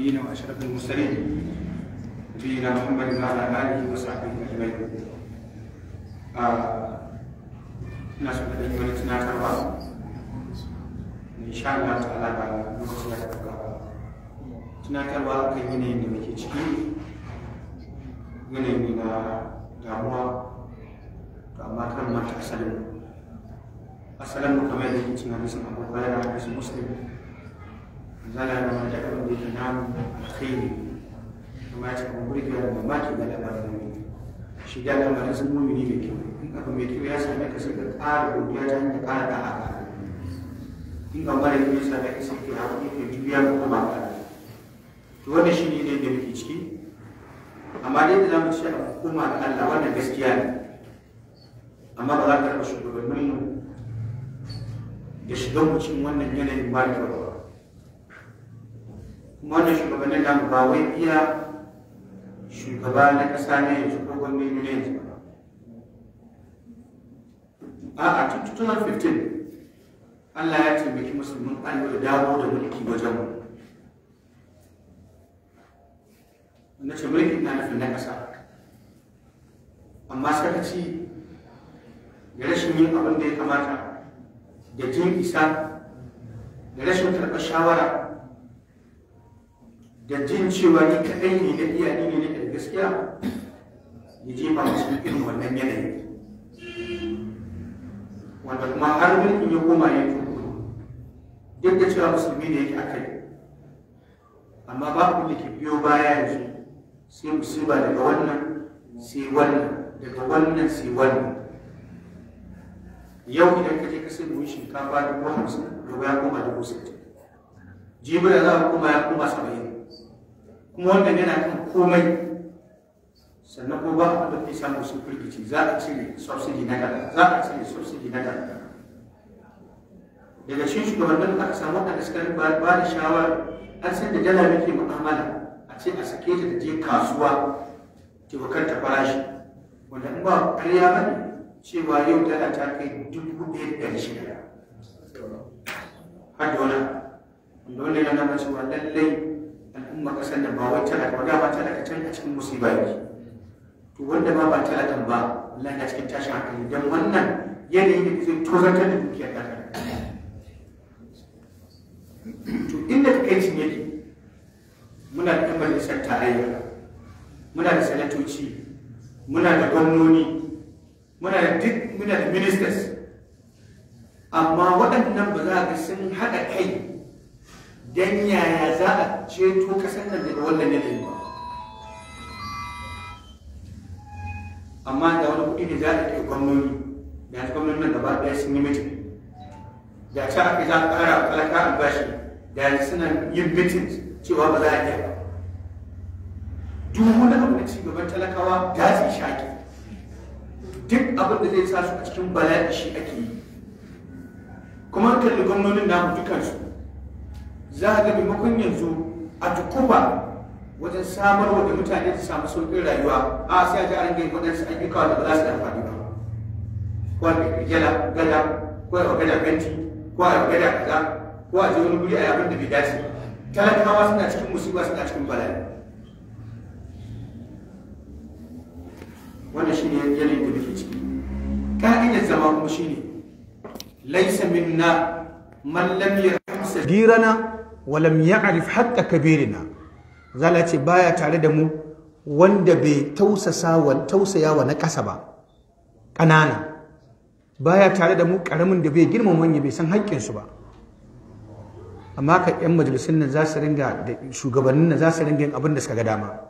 نبينا واشرف المرسلين نبينا محمد وعلى اله وصحبه اجمعين ina so da yi wani tunatarwa ba ba tunatarwa kan yanayin da muke ciki yanayi ne na damuwa to amma kan mata asalin asalin mu kamar yadda yake cin hadisin abu bayar da muslim Allah na wani ta kan gudu namu kuma ya cikin gurgi da mamaki ga labarin mumini shi da lamarin sun mumini mai kyau in abu mai kyau ya same ka sai ka ƙara godiya ta hanyar ƙara da haka in mara ya same ka sai ka haƙuri ka juriya ka kuma ka to shi ne da muke ciki amma dai da zamu ce a da Allah wannan gaskiya ne amma ba za ka taɓa shugabanninmu da shigan mu cikin wannan yanayin ba da ba kuma wannan shugabannin da ba wai iya shugaba na ƙasa ne yanzu ko gwamnati ne yanzu ba a a 2015 Allah ya taimaki musulmin ayo da dawo da mulki wajen na ce mulki na nufin na ƙasa amma ci da rashin yin abin da ya kamata da jin isa da rashin karɓar shawara da jin cewa ni kaɗai ne na iya ni ne da gaskiya ya je ba cikin irin wannan yanayi wanda kuma har mulkin ya koma ya tuku duk da cewa musulmi ne yake akai amma ba ku da ke biyo baya yanzu sai musiba daga wannan sai wannan daga wannan sai wannan yau idan ka je ka sai mun shinkafa da kuma hamsin gobe ya koma da kusa jibi da za a koma ya koma saba'in kuma wannan yana kan komai sannan kuma ba a da samun samu sun za a cire subsidy na gaba za a cire subsidy na gaba daga shi shugabannin da aka samu waɗanda suka ba da shawar an san da dala muke mu'amala a ce a sake ta da je kasuwa taimakon ta farashi wanda in ba ƙarya ba ne cewa yau dala ta kai dubu ɗaya da ɗari shida har da wani wanda wannan yana masu cewa lallai al'umma kasar nan ba wai talata, ba dama talaka can a cikin musiba yake to wanda ma ba talakan ba wallahi a cikin tashin hankali don wannan yanayi ne zai tozartar da dukiyar ɗan to inda cin yake muna da ɗan majalisar tarayya muna da sanatoci muna da gwamnoni muna da duk muna da ministers amma waɗannan ba za ga sun haɗa kai dan yaya za a ceto kasar nan daga wannan yanayin ba amma da wani kuɗi ne za a ɗaya gwamnoni da yanzu gwamnoni nan gaba ɗaya sun yi mitin da ta aka za a ƙara talaka albashi da yanzu suna yin mitin cewa ba za a iya ba duk wani abu da gaban talakawa da su shaƙi duk abin da zai sa su a cikin bala'i shi ake yi kuma kalli gwamnonin namu dukansu za a ga maimakon yanzu a tukuba wajen samar wa da mutane su samu sauƙin rayuwa a sai a ji a rage waɗansu kawo wanda ba za su amfani ba ko a gala gala ko a gada ganti ko a gada kaza ko a je wani guri a yabin da bai dace talakawa suna cikin musuwa suna cikin bala'i wannan ne yanayin da muke ciki ka'idar zama kuma ne. laisa minna Mallamiyar. lam yarham walam ya'rif haqqa kabirina zala ce baya tare da mu wanda bai tausaya wa na ƙasa ba ƙanana baya tare da mu ƙaramin da bai girmama wani bai san haƙƙinsu ba amma ka ƴan majalisun nan za su ringa da shugabannin nan za su ringa yin abin da suka ga dama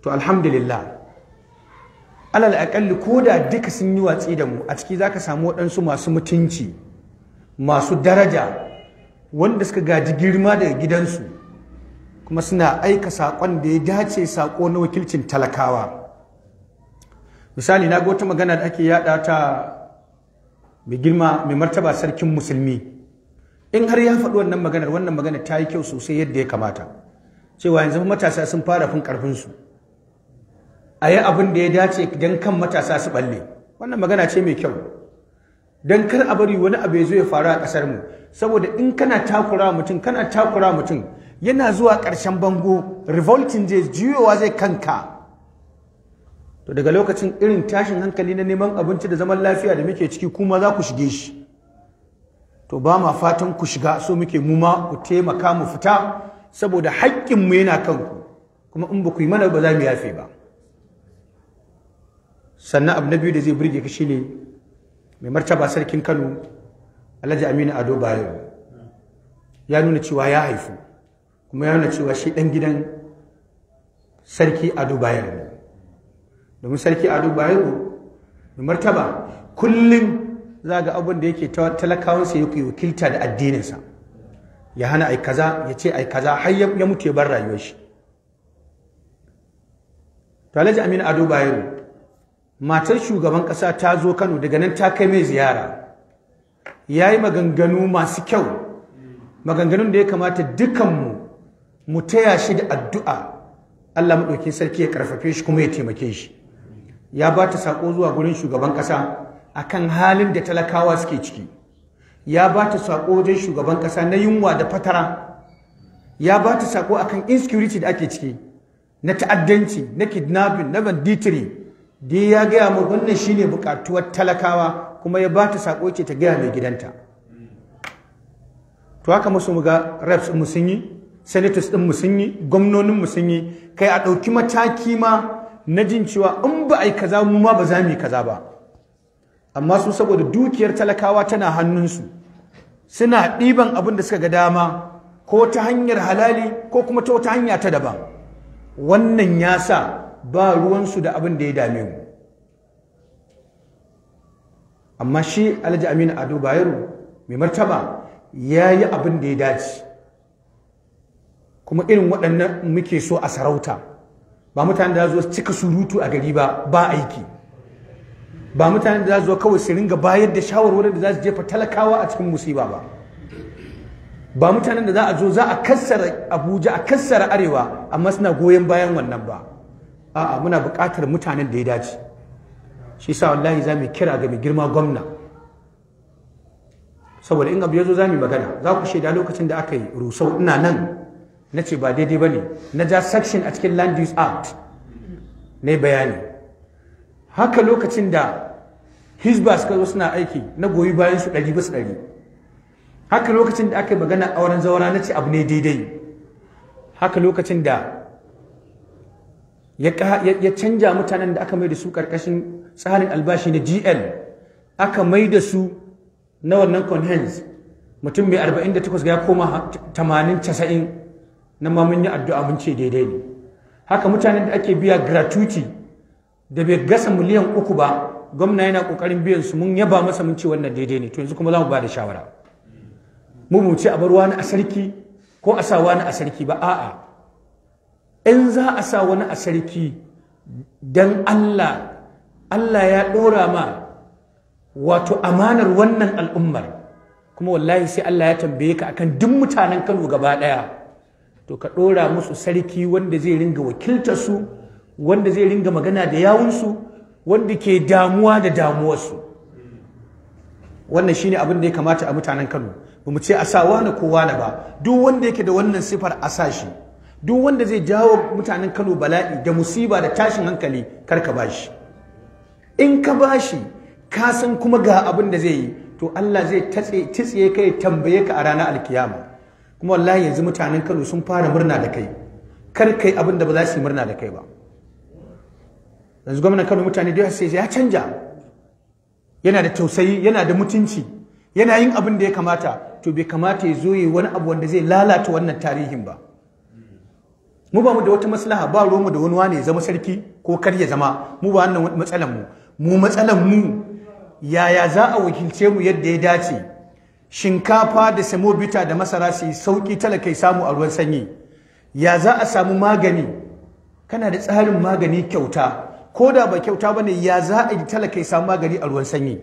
to alhamdulillah alal aƙalli ko da duka sun yi watsi da mu a ciki za ka samu waɗansu masu mutunci masu daraja wanda suka gaji girma daga gidansu kuma suna aika saƙon da ya dace saƙo na wakilcin talakawa misali na ga wata magana da ake yada ta mai girma mai martaba sarkin musulmi in har ya faɗi wannan maganar wannan maganar ta yi kyau sosai yadda ya kamata cewa yanzu matasa sun fara fin ƙarfinsu a yi abin da ya dace don kan matasa su ɓalle wannan magana ce mai kyau don kar a bari wani abu ya zo ya faru a ƙasar mu saboda in kana takura mutum kana takura mutum yana zuwa ƙarshen bango revolting zai juyowa zai kanka to daga lokacin irin tashin hankali na neman abinci da zaman lafiya da muke ciki kuma za ku shige shi to ba ma fatan ku shiga so muke mu ma ku taimaka mu fita saboda mu yana kanku kuma in ba ku yi mana ba za mu yafe ba sannan abu na biyu da zai burge ka shine mai martaba sarkin kano alhaji aminu ado bayo ya nuna cewa ya haifu kuma ya nuna cewa shi ɗan gidan sarki ado bayero ne domin sarki ado bayero mai martaba kullum za ga abin da yake talakawansa ya wakilta da addininsa ya hana ai kaza ya ce ai kaza har ya mutu ya bar rayuwar shi to alhaji aminu ado bayero matar shugaban ƙasa ta zo Kano daga nan ta kai mai ziyara ya yi maganganu masu kyau maganganun da ya kamata dukanmu mu taya shi da addu'a Allah maɗauki sarki ya ƙarfafe shi kuma ya taimake shi ya ba ta saƙo zuwa gurin shugaban ƙasa akan halin da talakawa suke ciki ya ba ta saƙo wajen shugaban ƙasa na yunwa da fatara ya ba ta saƙo akan insecurity da ake ciki na ta'addanci na kidnapping na banditry dai ya gaya mu wannan shine bukatuwar talakawa kuma ya bata sako ce ta gaya mai gidanta to haka musu muga reps mu sun yi senators din mu sun yi gwamnonin mu sun yi kai a ɗauki mataki ma na jin cewa in ba a yi kaza mu ma ba za mu yi kaza ba amma su saboda dukiyar talakawa tana hannunsu suna ɗiban abin da suka ga dama ko ta hanyar halali ko kuma ta wata hanya ta daban wannan ya sa ba ruwansu da abin da ya dame mu amma shi alhaji aminu ado bayero mai martaba ya yi abin da ya dace kuma irin waɗannan muke so a sarauta ba mutane da zuwa cika surutu a gari ba ba aiki ba mutane da zuwa kawai su ringa bayar da shawarwar da za su jefa talakawa a cikin musiba ba ba mutanen da za a zo za a kassara abuja a kassara arewa amma suna goyon bayan wannan ba a'a muna buƙatar mutanen da ya dace shi sa wallahi za mu kira ga mai girma gwamna saboda in abu ya zo za mu magana za ku shaida lokacin da aka yi rusau ina nan na ce ba daidai ba ne na ja section a cikin land use act na bayani haka lokacin da hizba suka zo suna aiki na goyi bayan su ɗari bisa ɗari haka lokacin da aka yi magana auren zawara na ce abu ne daidai haka lokacin da ya canja mutanen da aka mai da su karkashin tsarin albashi na gl aka mai da su na wannan conhens mutum mai 48 ya koma 80-90 na mamun yi addu'a mun ce daidai ne haka mutanen da ake biya gratuity da bai gasa miliyan uku ba gwamna yana kokarin biyan su mun yaba masa mun ce wannan daidai ne to yanzu kuma za mu ba da shawara mu mu ce a bar wani a sarki ko a sa wani a sarki ba a'a in za a sa wani a sarki don Allah Allah ya ɗora ma wato amanar wannan al'ummar kuma wallahi sai Allah ya tambaye ka akan duk mutanen Kano gaba ɗaya to ka ɗora musu sarki wanda zai ringa wakiltar su wanda zai ringa magana da yawunsu wanda ke damuwa da damuwarsu wannan shine abin da ya kamata a mutanen Kano ba mu ce a sa wani ko wani ba duk wanda yake da wannan siffar a sa shi duk wanda zai jawo mutanen Kano bala'i da musiba da tashin hankali karka ka bashi in ka bashi ka san kuma ga abin da zai yi to Allah zai tsiye kai tambaye ka a ranar alkiyama kuma wallahi yanzu mutanen Kano sun fara murna da kai kar kai abin da ba za su yi murna da kai ba yanzu gwamnan Kano mutane da sai ya canja yana da tausayi yana da mutunci yana yin abin da ya kamata to bai kamata ya zo yi wani abu wanda zai lalata wannan tarihin ba mu ba mu da wata maslaha ba ruwanmu da wani wane zama sarki ko kar ya zama mu ba wannan matsalan mu mu matsalan mu yaya za a wakilce mu yadda ya dace shinkafa da samobita da masara su sauki talakai samu a ruwan sanyi ya za a samu magani kana da tsarin magani kyauta ko da ba kyauta bane ya za a yi talakai samu magani a ruwan sanyi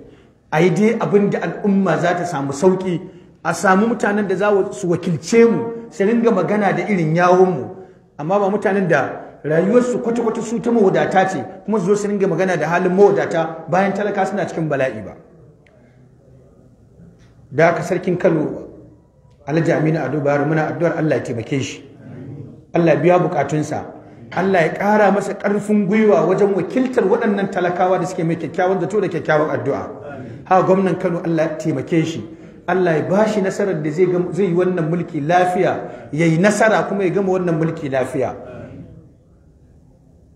a yi dai abin da al'umma za ta samu sauki a samu mutanen da za su wakilce mu su ringa magana da irin yawon mu amma ba mutanen da rayuwarsu kwata-kwata su ta mawadata ce kuma su zo su ringa magana da halin mawadata bayan talaka suna cikin bala'i ba da haka sarkin kano alhaji aminu ado muna addu'ar allah ya taimake shi allah biya bukatunsa allah ya ƙara masa karfin gwiwa wajen wakiltar waɗannan talakawa da suke mai kyakkyawan zato da kyakkyawan addu'a ha gwamnan kano allah ya taimake shi Allah ya bashi nasarar da zai yi wannan mulki lafiya ya yi nasara kuma ya gama wannan mulki lafiya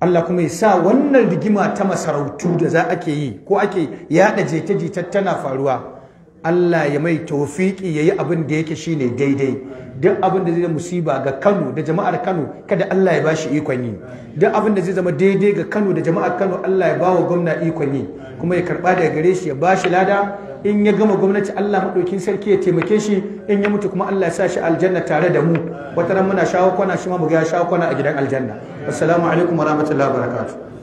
Allah kuma ya sa wannan rigima ta masarautu da za ake yi ko ake yaɗa jita-jita tana faruwa Allah ya mai ya yayi abin da yake shine daidai duk abin da zai zama musiba ga Kano da jama'ar Kano kada Allah ya ba shi ikon yi duk abin da zai zama daidai ga Kano da jama'ar Kano Allah ya wa gwamna ikon yi kuma ya karba daga gare shi ya bashi lada in ya gama gwamnati Allah maɗokin sarki ya taimake shi in ya mutu kuma Allah ya sa shi aljanna tare da mu wata ran muna shawo kwana shi ma mu ga shawo kwana a gidan aljanna assalamu alaikum warahmatullahi